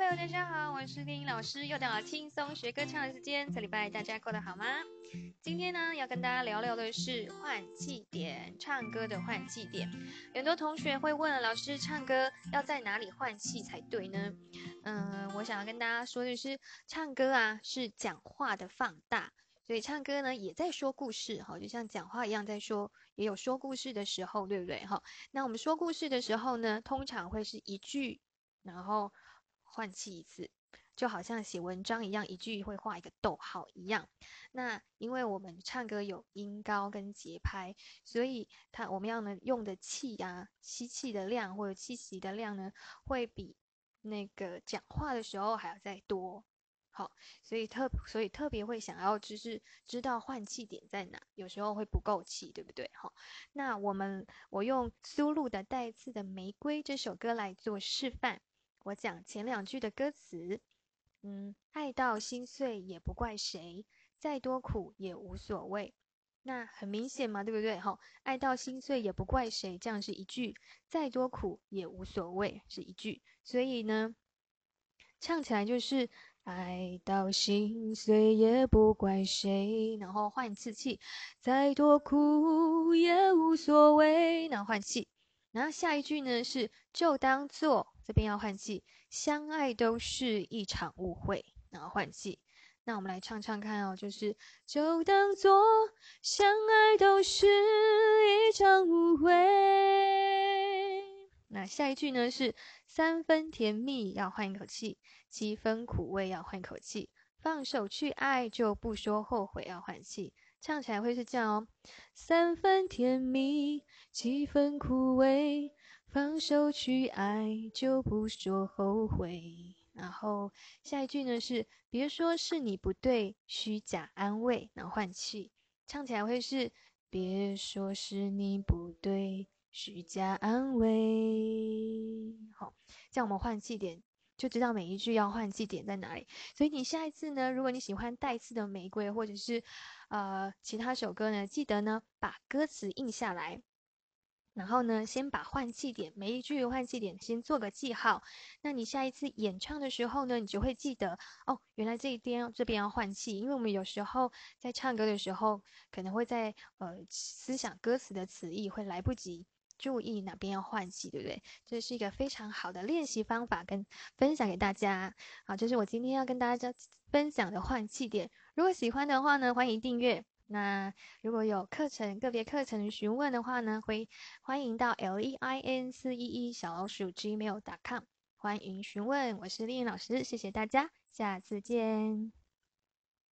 Hello，大家好，我是丁老師，又到了輕鬆學歌唱的時間。這禮拜大家過得好嗎？今天呢，要跟大家聊聊的是換氣點，唱歌的換氣點。有很多同學會問了老師，唱歌要在哪裡換氣才對呢？嗯，我想要跟大家說的是，唱歌啊是講話的放大，所以唱歌呢也在說故事哈，就像講話一樣在說，也有說故事的時候，對不對哈？那我們說故事的時候呢，通常會是一句，然後，換氣一次，就好像寫文章一樣，一句會畫一個逗號一樣。那因為我們唱歌有音高跟節拍，所以它我們要能用的氣呀、啊，吸氣的量或者氣息的量呢，會比那個講話的時候還要再多。好，所以特所以特別會想要就是知道換氣點在哪，有時候會不夠氣，對不對？好，那我們我用蘇露的帶刺的玫瑰這首歌來做示範。我講前兩句的歌詞，嗯，愛到心碎也不怪誰，再多苦也無所謂。那很明顯嘛，對不對？吼、哦，愛到心碎也不怪誰，這樣是一句；再多苦也無所謂，是一句。所以呢，唱起來就是愛到心碎也不怪誰，然後換一次氣，再多苦也無所謂，然後換氣。然後下一句呢是就當做。這邊要換氣，相愛都是一場誤會，然後換氣。那我們來唱唱看哦，就是就當作相愛都是一場誤會。那下一句呢是三分甜蜜，要換一口氣；七分苦味，要換一口氣。放手去愛，就不說後悔，要換氣。唱起來會是這樣哦，三分甜蜜，七分苦味。放手去愛，就不說後悔，然後下一句呢是別說是你不對，虛假安慰。然後換氣，唱起來會是別說是你不對，虛假安慰。好，這樣我們換氣點就知道每一句要換氣點在哪裡。所以你下一次呢，如果你喜歡帶刺的玫瑰，或者是呃其他首歌呢，記得呢把歌詞印下來。然後呢，先把換氣點，每一句換氣點先做個記號。那你下一次演唱的時候呢，你就會記得哦，原來這一邊這邊要換氣。因為我們有時候在唱歌的時候，可能會在呃思想歌詞的詞義會來不及注意哪邊要換氣，對不對？這是一個非常好的練習方法，跟分享給大家。好，這、就是我今天要跟大家分享的換氣點。如果喜歡的話呢，歡迎訂閱。那如果有課程，個別課程詢問的話呢，會歡迎到 l e i n 四一一小老鼠 Gmail dot com，歡迎詢問，我是麗穎老師，謝謝大家，下次見。